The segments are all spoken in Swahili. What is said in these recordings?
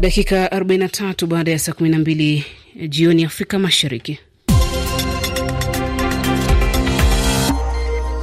Dakika 43 baada ya saa 12 jioni Afrika Mashariki.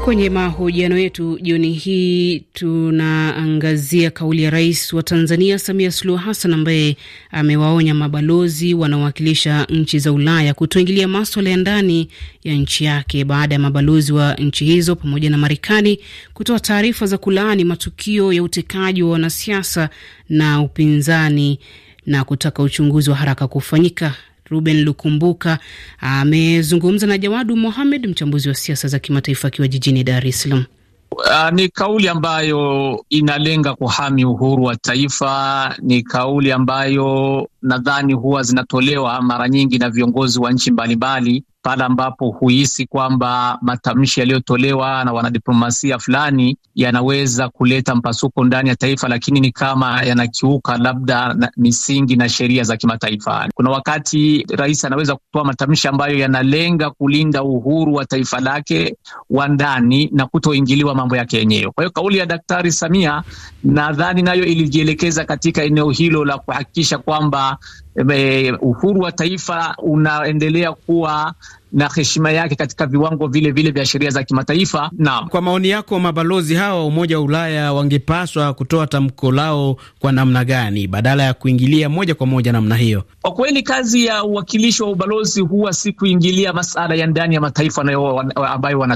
Kwenye mahojiano yetu jioni hii tunaangazia kauli ya rais wa Tanzania Samia Suluhu Hassan ambaye amewaonya mabalozi wanaowakilisha nchi za Ulaya kutoingilia maswala ya ndani ya nchi yake baada ya mabalozi wa nchi hizo pamoja na Marekani kutoa taarifa za kulaani matukio ya utekaji wa wanasiasa na upinzani na kutaka uchunguzi wa haraka kufanyika. Ruben Lukumbuka amezungumza na Jawadu Mohamed, mchambuzi wa siasa za kimataifa akiwa jijini Dar es Salaam. Uh, ni kauli ambayo inalenga kuhami uhuru wa taifa. Ni kauli ambayo nadhani huwa zinatolewa mara nyingi na viongozi wa nchi mbalimbali pale ambapo huhisi kwamba matamshi yaliyotolewa na wanadiplomasia fulani yanaweza kuleta mpasuko ndani ya taifa, lakini ni kama yanakiuka labda na misingi na sheria za kimataifa. Kuna wakati rais anaweza kutoa matamshi ambayo yanalenga kulinda uhuru wa taifa lake wa ndani na kutoingiliwa mambo yake yenyewe. Kwa hiyo kauli ya Daktari Samia nadhani nayo ilijielekeza katika eneo hilo la kuhakikisha kwamba Eh, uhuru wa taifa unaendelea kuwa na heshima yake katika viwango vile vile vya sheria za kimataifa. Naam, kwa maoni yako, mabalozi hawa wa Umoja wa Ulaya wangepaswa kutoa tamko lao kwa namna gani badala ya kuingilia moja kwa moja namna hiyo? Kwa kweli, kazi ya uwakilishi wa ubalozi huwa si kuingilia masala ya ndani ya mataifa nayo ambayo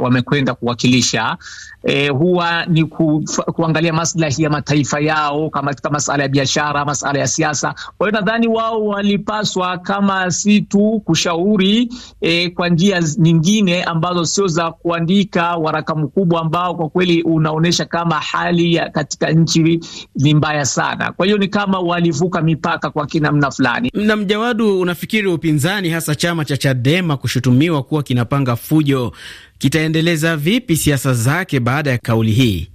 wamekwenda kuwakilisha. E, huwa ni ku, kuangalia maslahi ya mataifa yao kama katika masala ya biashara, masala ya siasa. Kwa hiyo nadhani wao walipaswa kama si tu kushauri e, kwa njia nyingine ambazo sio za kuandika waraka mkubwa ambao kwa kweli unaonyesha kama hali ya katika nchi ni mbaya sana. Kwa hiyo ni kama walivuka mipaka kwa kinamna fulani. Na Mjawadu, unafikiri upinzani hasa chama cha Chadema kushutumiwa kuwa kinapanga fujo kitaendeleza vipi siasa zake baada ya kauli hii?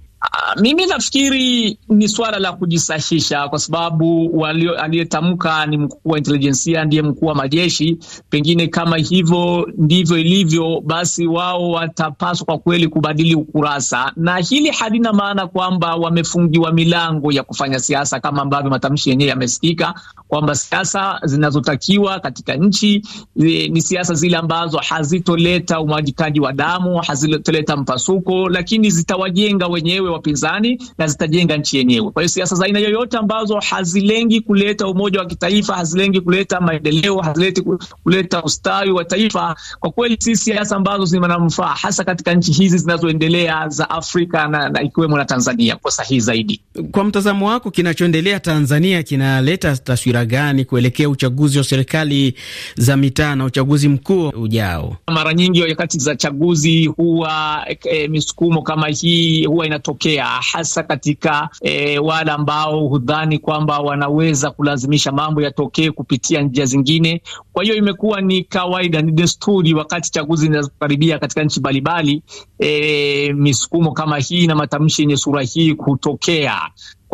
Mimi nafikiri ni swala la kujisahisha, kwa sababu aliyetamka ni mkuu wa intelijensia, ndiye mkuu wa majeshi. Pengine kama hivyo ndivyo ilivyo, basi wao watapaswa kwa kweli kubadili ukurasa, na hili halina maana kwamba wamefungiwa milango ya kufanya siasa kama ambavyo matamshi yenyewe yamesikika kwamba siasa zinazotakiwa katika nchi e, ni siasa zile ambazo hazitoleta umwagikaji wa damu, hazitoleta mpasuko, lakini zitawajenga wenyewe wapinzani na zitajenga nchi yenyewe. Kwa hiyo siasa za aina yoyote ambazo hazilengi kuleta umoja wa kitaifa, hazilengi kuleta maendeleo, hazileti kuleta ustawi wa taifa, kwa kweli si siasa ambazo zina manufaa hasa katika nchi hizi zinazoendelea za Afrika na, na ikiwemo na Tanzania kwa sahihi zaidi. Kwa mtazamo wako, kinachoendelea Tanzania kinaleta taswira taswira gani kuelekea uchaguzi wa serikali za mitaa na uchaguzi mkuu ujao? Mara nyingi wakati za chaguzi huwa e, misukumo kama hii huwa inatokea hasa katika e, wale ambao hudhani kwamba wanaweza kulazimisha mambo yatokee kupitia njia zingine. Kwa hiyo imekuwa ni kawaida, ni desturi wakati chaguzi zinakaribia katika nchi mbalimbali, e, misukumo kama hii na matamshi yenye sura hii kutokea.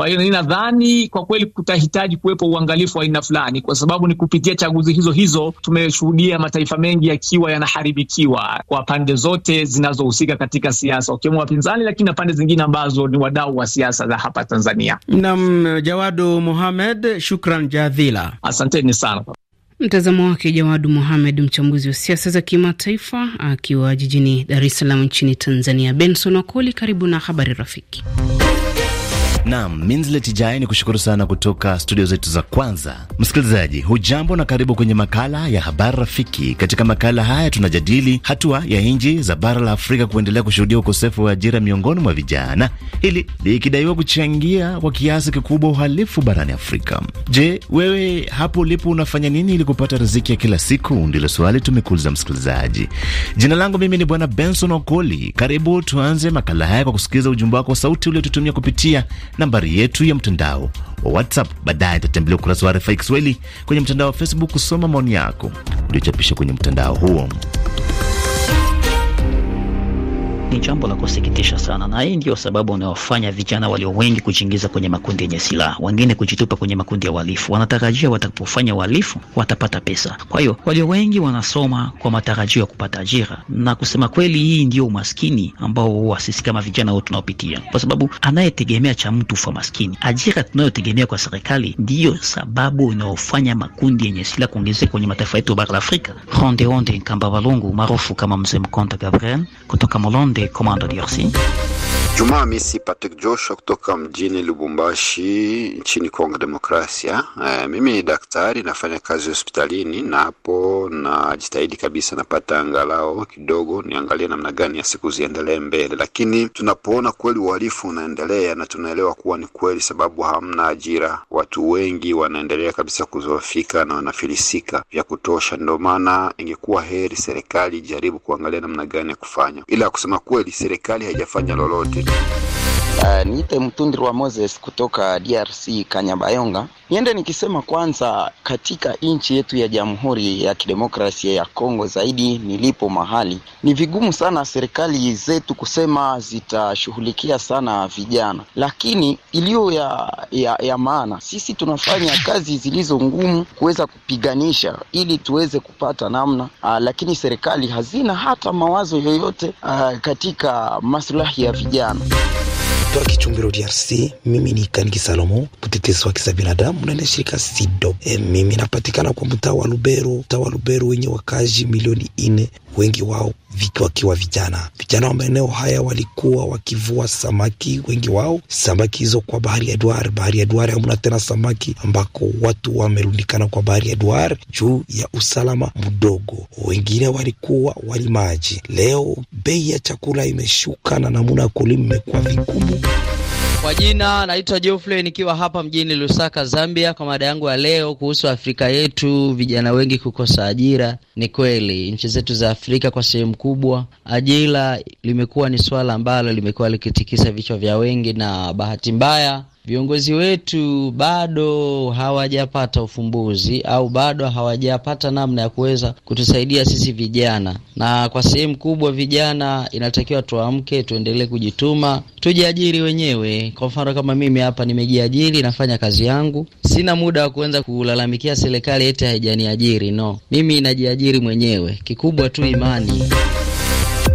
Kwa hiyo ninadhani kwa kweli kutahitaji kuwepo uangalifu wa aina fulani, kwa sababu ni kupitia chaguzi hizo hizo tumeshuhudia mataifa mengi yakiwa yanaharibikiwa kwa pande zote zinazohusika katika siasa, wakiwemo wapinzani, lakini na pande zingine ambazo ni wadau wa siasa za hapa Tanzania. Nam Jawadu Muhamed, shukran jadhila, asanteni sana. Mtazamo wake Jawadu Mohamed, mchambuzi wa siasa za kimataifa, akiwa jijini Dar es Salaam nchini Tanzania. Benson Wakoli, karibu na habari rafiki. Naam, Minslet Jai ni kushukuru sana kutoka studio zetu za kwanza. Msikilizaji, hujambo na karibu kwenye makala ya habari rafiki. Katika makala haya tunajadili hatua ya nchi za bara la Afrika kuendelea kushuhudia ukosefu wa ajira miongoni mwa vijana, hili likidaiwa kuchangia kwa kiasi kikubwa uhalifu barani Afrika. Je, wewe hapo ulipo unafanya nini ili kupata riziki ya kila siku? Ndilo swali tumekuuliza msikilizaji. Jina langu mimi ni Bwana Benson Okoli. Karibu tuanze makala haya kwa kusikiliza ujumbe wako wa sauti uliotutumia kupitia nambari yetu ya mtandao wa WhatsApp. Baadaye tatembelea ukurasa wa RFI Kiswahili kwenye mtandao wa Facebook kusoma maoni yako uliochapisha kwenye mtandao huo ni jambo la kusikitisha sana, na hii ndio sababu wanayofanya vijana walio wengi kujiingiza kwenye makundi yenye silaha, wengine kujitupa kwenye makundi ya uhalifu. Wanatarajia watakapofanya uhalifu watapata pesa. Kwa hiyo walio wengi wanasoma kwa matarajio ya kupata ajira, na kusema kweli, hii ndio umaskini ambao sisi kama vijana wote tunaopitia, kwa sababu anayetegemea cha mtu fa maskini. Ajira tunayotegemea kwa serikali ndiyo sababu inayofanya makundi yenye silaha kuongezeka kwenye mataifa yetu bara la Afrika. Ronde Onde Kamba maarufu kama Mzee Mkonta Gabriel kutoka Molonde commando de d'Ursi. Jumaa Misi Patrick Joshua kutoka mjini Lubumbashi nchini Kongo Demokrasia. E, mimi ni daktari nafanya kazi hospitalini na hapo najitahidi kabisa, napata angalau kidogo niangalie namna gani ya siku ziendelee mbele, lakini tunapoona kweli uhalifu unaendelea na tunaelewa kuwa ni kweli, sababu hamna ajira, watu wengi wanaendelea kabisa kuzoofika na wanafilisika vya kutosha. Ndio maana ingekuwa heri serikali ijaribu kuangalia namna gani ya kufanya, ila kusema kweli serikali haijafanya lolote. Música Uh, niite Mtundiri wa Moses kutoka DRC Kanyabayonga. Niende nikisema kwanza, katika nchi yetu ya Jamhuri ya Kidemokrasia ya Kongo, zaidi nilipo mahali, ni vigumu sana serikali zetu kusema zitashughulikia sana vijana, lakini iliyo ya, ya, ya maana, sisi tunafanya kazi zilizo ngumu kuweza kupiganisha ili tuweze kupata namna uh, lakini serikali hazina hata mawazo yoyote uh, katika maslahi ya vijana. Kutoka kichumbiro DRC, mimi ni Kaniki Salomo, mtetezi wa za binadamu ndani ya shirika SIDO. E, mimi napatikana kwa mtaa wa Lubero, mtaa wa Lubero wenye wakazi milioni ine wengi wao wakiwa vijana. Vijana wa maeneo haya walikuwa wakivua samaki, wengi wao samaki hizo kwa bahari ya Duar. Bahari ya Duar hamna tena samaki, ambako watu wamerundikana kwa bahari ya Duar juu ya usalama mdogo. Wengine walikuwa walimaji. Leo bei ya chakula imeshuka na namuna ya kulima imekuwa vigumu. Kwa jina naitwa Geoffrey nikiwa hapa mjini Lusaka, Zambia, kwa mada yangu ya leo kuhusu Afrika yetu, vijana wengi kukosa ajira. Ni kweli nchi zetu za Afrika kwa sehemu kubwa ajira limekuwa ni swala ambalo limekuwa likitikisa vichwa vya wengi, na bahati mbaya viongozi wetu bado hawajapata ufumbuzi au bado hawajapata namna ya kuweza kutusaidia sisi vijana, na kwa sehemu kubwa vijana inatakiwa tuamke, tuendelee kujituma, tujiajiri wenyewe. Kwa mfano kama mimi hapa nimejiajiri, nafanya kazi yangu, sina muda wa kuanza kulalamikia serikali eti haijaniajiri. No, mimi najiajiri mwenyewe, kikubwa tu imani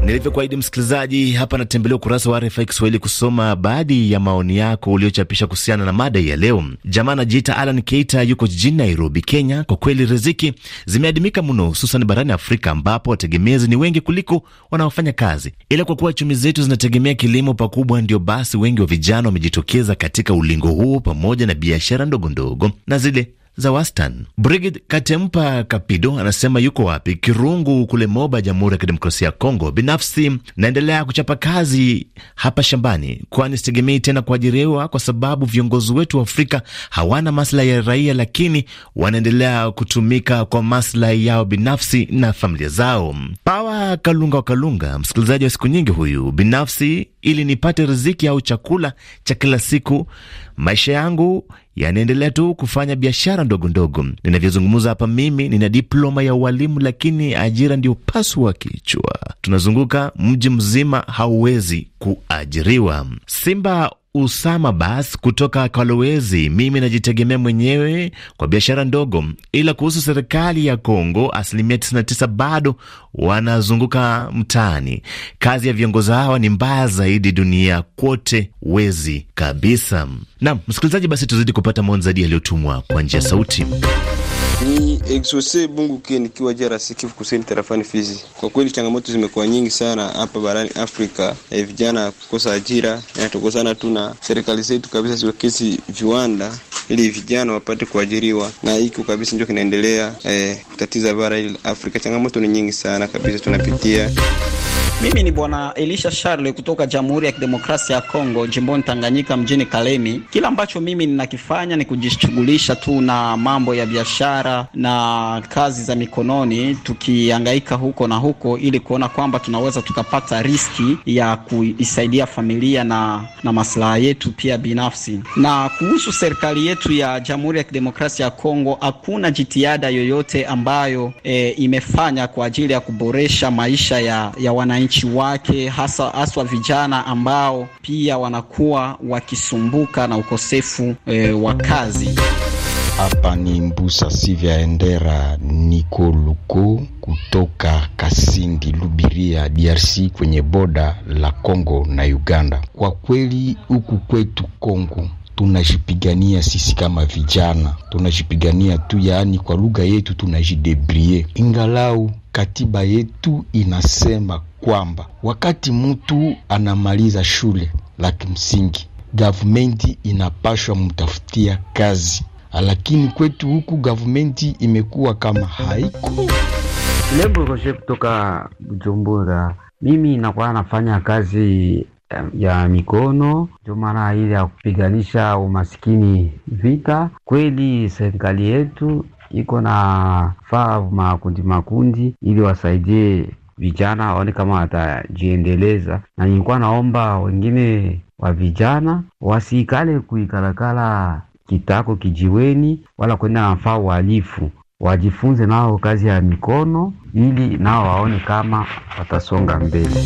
Nilivyokuahidi msikilizaji, hapa natembelea ukurasa wa RFI Kiswahili kusoma baadhi ya maoni yako uliochapisha kuhusiana na mada ya leo. Jamaa anajiita Alan Keita, yuko jijini Nairobi, Kenya. Kwa kweli riziki zimeadimika mno, hususan barani Afrika ambapo wategemezi ni wengi kuliko wanaofanya kazi, ila kwa kuwa chumi zetu zinategemea kilimo pakubwa, ndio basi wengi wa vijana wamejitokeza katika ulingo huo, pamoja na biashara ndogo ndogo na zile za wastan. Brigid Katempa Kapido anasema yuko wapi? Kirungu kule Moba, Jamhuri ya Kidemokrasia ya Kongo. Binafsi naendelea kuchapa kazi hapa shambani, kwani sitegemei tena kuajiriwa kwa sababu viongozi wetu wa Afrika hawana maslahi ya raia, lakini wanaendelea kutumika kwa maslahi yao binafsi na familia zao. Pawa Kalunga wa Kalunga, msikilizaji wa siku nyingi huyu. Binafsi ili nipate riziki au chakula cha kila siku, maisha yangu yanaendelea tu kufanya biashara ndogo ndogo. Ninavyozungumza hapa, mimi nina diploma ya ualimu, lakini ajira ndio pasu wa kichwa. Tunazunguka mji mzima, hauwezi kuajiriwa. Simba Usama Bas kutoka Kalowezi, mimi najitegemea mwenyewe kwa biashara ndogo, ila kuhusu serikali ya Kongo, asilimia 99 bado wanazunguka mtaani. Kazi ya viongozi hawa ni mbaya zaidi dunia kote, wezi kabisa. nam msikilizaji, basi tuzidi kupata maoni zaidi yaliyotumwa kwa njia sauti. Ni Exose Bungu nikiwa DRC Kivu Kusini tarafani Fizi. Kwa kweli changamoto zimekuwa nyingi sana hapa barani Afrika, e, vijana kukosa ajira inatokosana tu na serikali zetu kabisa ziwekezi viwanda ili vijana wapate kuajiriwa, na hiko kabisa ndio kinaendelea e, kutatiza bara hili Afrika. Changamoto ni nyingi sana kabisa tunapitia. Mimi ni bwana Elisha Charle kutoka Jamhuri ya Kidemokrasia ya Kongo, jimboni Tanganyika, mjini Kalemi. Kila ambacho mimi ninakifanya ni kujishughulisha tu na mambo ya biashara na kazi za mikononi, tukiangaika huko na huko ili kuona kwamba tunaweza tukapata riski ya kuisaidia familia na, na masilaha yetu pia binafsi. Na kuhusu serikali yetu ya Jamhuri ya Kidemokrasia ya Kongo, hakuna jitihada yoyote ambayo e, imefanya kwa ajili ya kuboresha maisha ya, ya wananchi wananchi wake, hasa haswa vijana ambao pia wanakuwa wakisumbuka na ukosefu e, wa kazi. Hapa ni Mbusa Sivya Endera niko Luko kutoka Kasindi Lubiria, DRC, kwenye boda la congo na Uganda. Kwa kweli huku kwetu congo tunajipigania sisi kama vijana, tunajipigania tu, yaani kwa lugha yetu tunajidebrie, ingalau katiba yetu inasema kwamba wakati mtu anamaliza shule la kimsingi, gavumenti inapashwa mtafutia kazi, lakini kwetu huku gavumenti imekuwa kama haiko. Lebo Roje kutoka Bujumbura. Mimi nakuwa nafanya kazi ya mikono ndio maana ile ya kupiganisha umasikini vita. Kweli serikali yetu iko na faa makundi makundi ili wasaidie vijana waone kama watajiendeleza, na nilikuwa naomba wengine wa vijana wasiikale kuikalakala kitako kijiweni, wala kwenda nafaa uhalifu, wajifunze nao kazi ya mikono, ili nao waone kama watasonga mbele.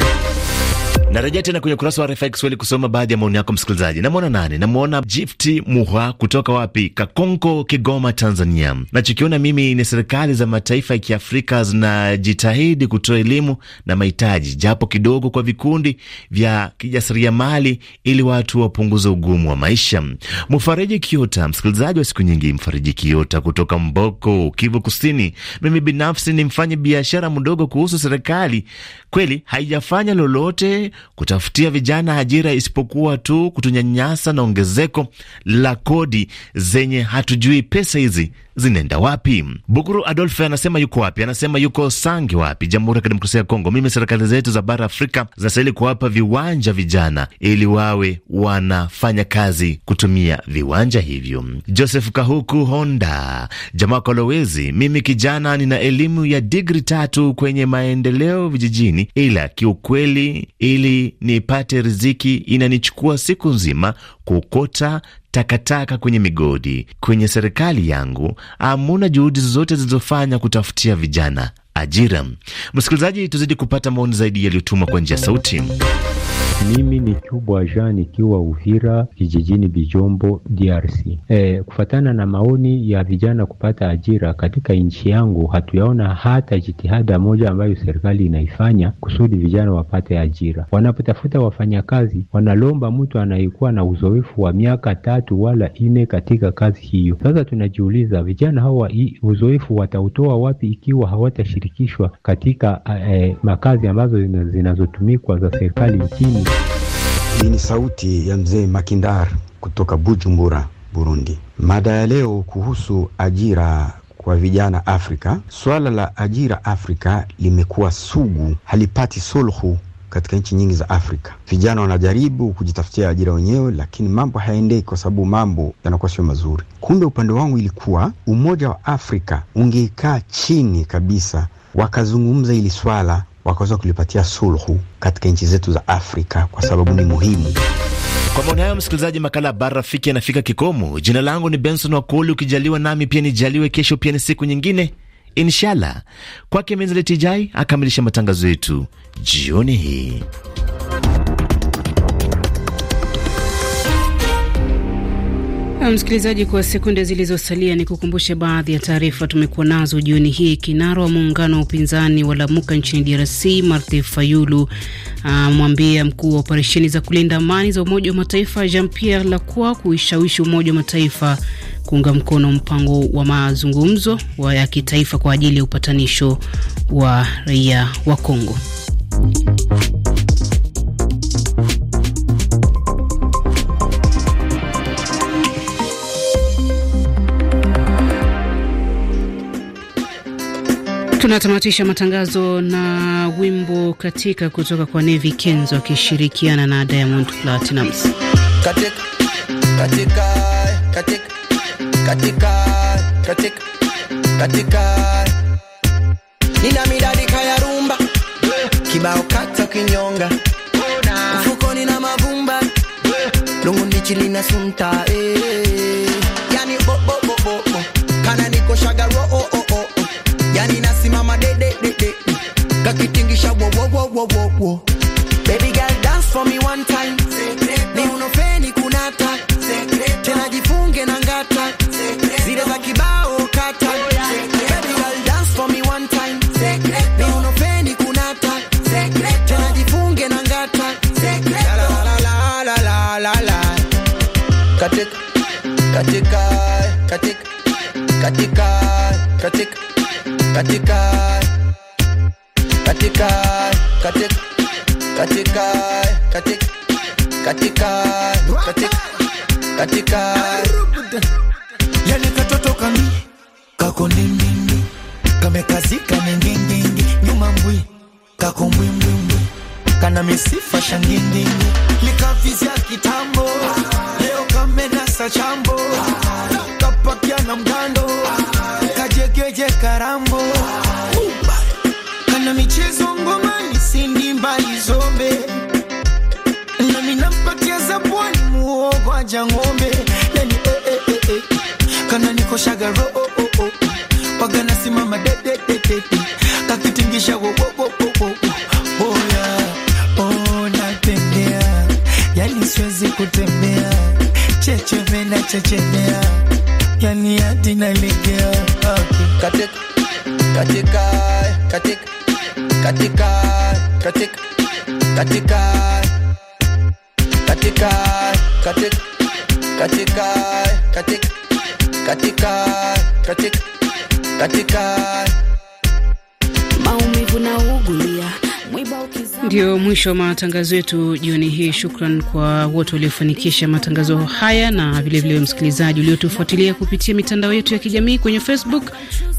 Narejea tena kwenye ukurasa wa RFI Kiswahili kusoma baadhi ya maoni yako msikilizaji. Namwona nani? Namwona Jifti Muha kutoka wapi? Kakonko, Kigoma, Tanzania. Nachokiona mimi ni serikali za mataifa ya Kiafrika zinajitahidi kutoa elimu na mahitaji japo kidogo kwa vikundi vya kijasiriamali ili watu wapunguze ugumu wa maisha. Mfariji Kiota, msikilizaji wa siku nyingi. Mfariji Kiota kutoka Mboko, Kivu Kusini. Mimi binafsi ni mfanye biashara mdogo kuhusu serikali, kweli haijafanya lolote kutafutia vijana ajira isipokuwa tu kutunyanyasa na ongezeko la kodi zenye hatujui pesa hizi zinaenda wapi? Bukuru Adolfe anasema yuko wapi? Anasema yuko Sange wapi, Jamhuri ya Kidemokrasia ya Kongo. Mimi serikali zetu za bara Afrika zinastahili kuwapa viwanja vijana ili wawe wanafanya kazi kutumia viwanja hivyo. Joseph Kahuku Honda, jamaa Kolowezi, mimi kijana nina elimu ya digri tatu kwenye maendeleo vijijini, ila kiukweli, ili nipate riziki inanichukua siku nzima kukota takataka kwenye migodi. Kwenye serikali yangu hamuna juhudi zozote zilizofanya kutafutia vijana ajira. Msikilizaji, tuzidi kupata maoni zaidi yaliyotumwa kwa njia ya sauti. Mimi ni Chubwa Jean nikiwa Uvira kijijini Bijombo, DRC. E, kufatana na maoni ya vijana kupata ajira katika nchi yangu, hatuyaona hata jitihada moja ambayo serikali inaifanya kusudi vijana wapate ajira. Wanapotafuta wafanyakazi, wanalomba mtu anayekuwa na uzoefu wa miaka tatu wala nne katika kazi hiyo. Sasa tunajiuliza vijana hawa uzoefu watautoa wapi ikiwa hawatashiriki kuandikishwa katika eh, eh, makazi ambazo zinazotumikwa za serikali nchini. Hii ni sauti ya mzee Makindar kutoka Bujumbura, Burundi. Mada ya leo kuhusu ajira kwa vijana Afrika. Swala la ajira Afrika limekuwa sugu, halipati suluhu katika nchi nyingi za Afrika. Vijana wanajaribu kujitafutia ajira wenyewe, lakini mambo hayaendei kwa sababu mambo yanakuwa sio mazuri. Kumbe upande wangu ilikuwa umoja wa Afrika ungekaa chini kabisa wakazungumza hili swala, wakaweza kulipatia sulhu katika nchi zetu za Afrika kwa sababu ni muhimu. Kwa maoni hayo, msikilizaji, makala ya Bara Rafiki yanafika kikomo. Jina langu ni Benson Wakoli, ukijaliwa nami pia nijaliwe, kesho pia ni siku nyingine inshallah. Kwake Menzletijai akamilisha matangazo yetu jioni hii. msikilizaji, kwa sekunde zilizosalia ni kukumbushe baadhi ya taarifa tumekuwa nazo jioni hii. Kinara wa muungano wa upinzani wa Lamuka nchini DRC Martin Fayulu amwambia mkuu wa operesheni za kulinda amani za Umoja wa Mataifa Jean Pierre Lacroix kuishawishi Umoja wa Mataifa kuunga mkono mpango wa mazungumzo ya kitaifa kwa ajili ya upatanisho wa raia wa Kongo. Tunatamatisha matangazo na wimbo katika kutoka kwa Nevi Kenz wakishirikiana na Diamond Platinums. Nina miradi kaya rumba kibao kata kinyonga mfuko nina mavumba lungu ndichi lina sunta eh. Yani bobo kakitingisha wo wo wo wo wo wo. Baby girl dance for me one time. Ni unofeni kunata. Tena jifunge na ngata. Zile za kibao kata. katika katika katika katika katika katika katika katika katika katika katika katika yale katoto kami kako nini ndindindi kamekazika nini nyuma mbwi kako mbwimbwimbwi kana misifa shangini nini tete kakitingisha boya oh, natembea yani siwezi kutembea chechemena chechemea yani hadi nalegea katika ndio mwisho wa matangazo yetu jioni hii. Shukran kwa wote waliofanikisha matangazo haya na vilevile msikilizaji uliotufuatilia kupitia mitandao yetu ya kijamii kwenye Facebook,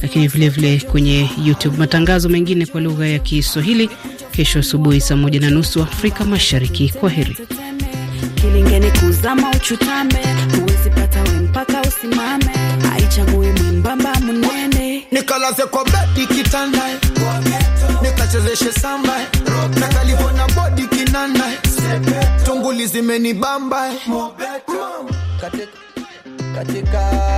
lakini vilevile vile kwenye YouTube. Matangazo mengine kwa lugha ya Kiswahili kesho asubuhi saa moja na nusu Afrika Mashariki. Kwa heri nikachezeshe samba nakalivona bodi kinana tunguli zimenibamba katika, katika.